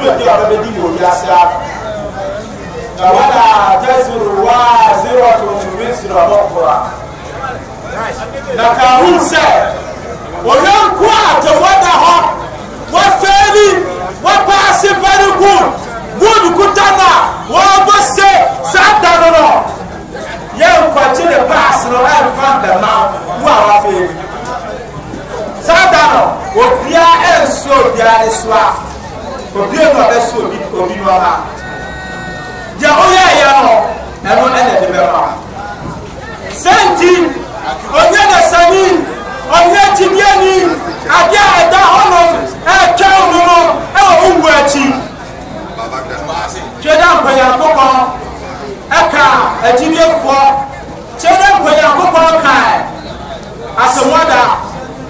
duro ti yàrá bẹ di wò yasira wala tẹsirò wá zero tó tùmí sirò lọ kura naka hun sẹ òyìn kú àtẹ wọn da họ wọn fẹẹni wọn paasi very good good kutana wọn bọ se sáà dànù nọ yẹn nkɔkye ne baasi no ɛnfa bɛma mu a wafɛ yi saa da no obiara ɛnso obiara ne so a obie no so obi obi no aha deɛ ɔyɛɛyɛ no ɛno ɛna de bɛma sɛnti ɔnyɛ nasani ɔnyɛ kyidiani adeɛ a ɛda hɔnom ɛɛtwa no no ɛwɔ wo wu akyi twɛ dɛ mpanyankopɔn ɛka agyidiefoɔ kyɛ dɛ mpanyankopɔn kae asɛmmɔda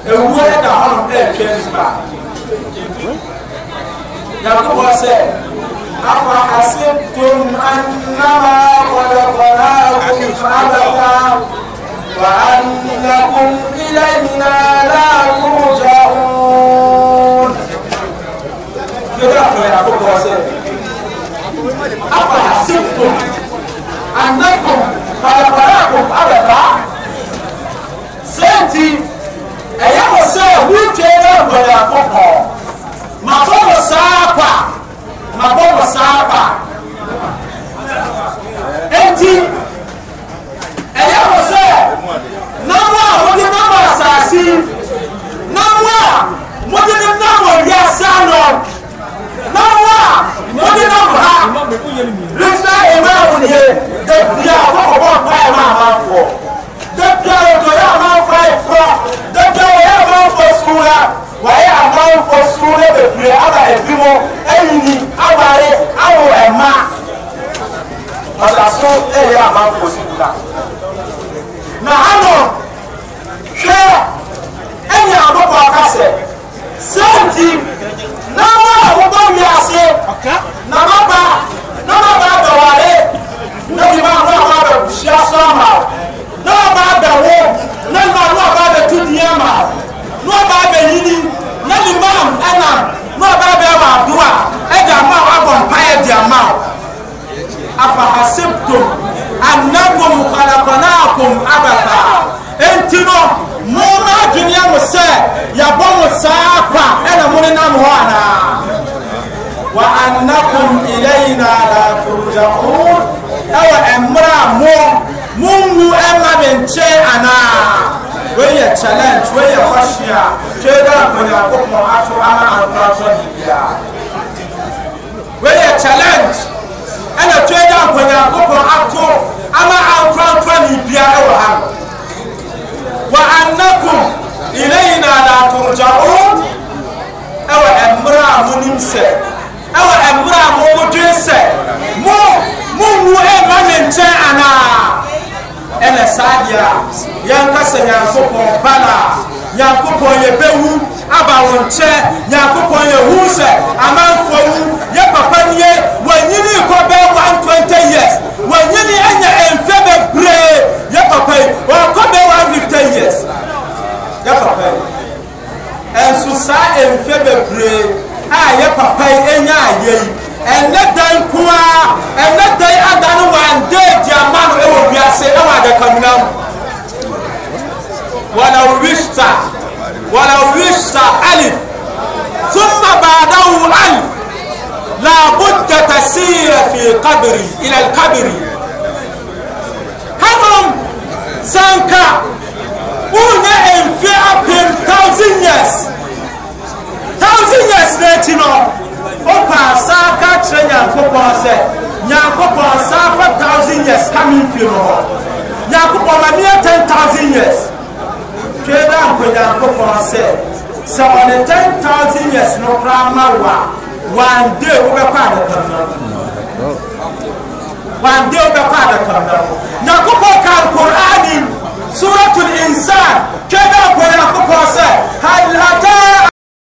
ɛwuo ɛda hɔnom ɛɛtwa nipa Yakubu ọsẹ afa ase tom anama kọlọkọlọ akum abata wa anakum ilayina lakum jahun. Yorùbá àpò Yakubu ọsẹ afa ase tom anakum kọlọkọlọ akum abata sẹ́ǹtì ẹ̀yẹ́ wọ sẹ́ẹ̀ wíjẹ́ náà gbọ̀dọ̀ àkọ́kọ́. mabɔ mo saa ba mu yɛ bebree aba ebi mu eyini abare awo ɛma ɔdaso ɛyɛ amanfo si wula na ano hwɛ ɛnya abɔbɔ akasɛ sɛnti n'ama a wɔbɔ wiase n'amaba n'amaba adaware n'obi ma ho a ma bɛ busia so ama n'amaba adawo. ɛna na ɔbaa wa baako a ɛde ama a wabɔ mpaeɛ de ama a afa aseptom anakom kalakɔnaakom abata. enti no mo ma adweneɛ mo sɛ yɛbɔ mo saa kwa ɛna mo ne nam hɔ anaa wa annakum ilayna la turjaun ɛwɔ mmerɛ a mo monwu ɛma me nkyɛn anaa yɛ challenge wei yɛ kɔhye a hwɛ da nkonyankopɔn ato ama ankoatɔ ne biara wei yɛ challenge ɛna twɛ da nkonyankopɔn ato ama ankoatɔ ne biara wɔ ha no wa annakum ilayna la turja'un ɛwɔ mmerɛ a monim sɛ ɛwɔ mmerɛ a momodwen sɛ mo monwu ɛma e me nkyɛn anaa ɛnɛ saa deɛ a yɛnkasa nyankopɔn bala nyankopɔn yɛbɛwu aba wo nkyɛ nyankopɔn yɛhu sɛ amanfoɔ wu yɛ papa nie wɔanyini kɔ bɛɛ twenty years wɔanyini anya ɛmfɛ bebree yɛ papa yi wɔakɔ bɛɛ 150 years yɛ papa yi ɛnso saa ɛmfɛ bebree a yɛ papa yi ɛnya ayɛ yi ɛnɛ dan koa ɛnɛ dan ada no wɔandɛ no ɛwɔ wiase ɛwɔ adakamina mu ولو wàlà wíṣà wàlà wíṣà alif súnmọ́ bàdáwù alif làbújá tàṣírà fi kábìrì ilẹ̀ kábìrì haram sanka una في apem thousand years thousand years n'ekyi no ọpa asa aka kyerɛ nyankopɔn sɛ thousand years ka me mfie no hɔ nyankopɔn ma meɛ years abɔ nyankopɔn sɛ sɛ ɔne ten thousand years no koraa ma wo a one day wobɛkɔ adakam no one day wobɛkɔ adakam no nyankopɔn ka alkur'ani suratul insan twɛ dɛ abɔ nyankopɔn sɛ halata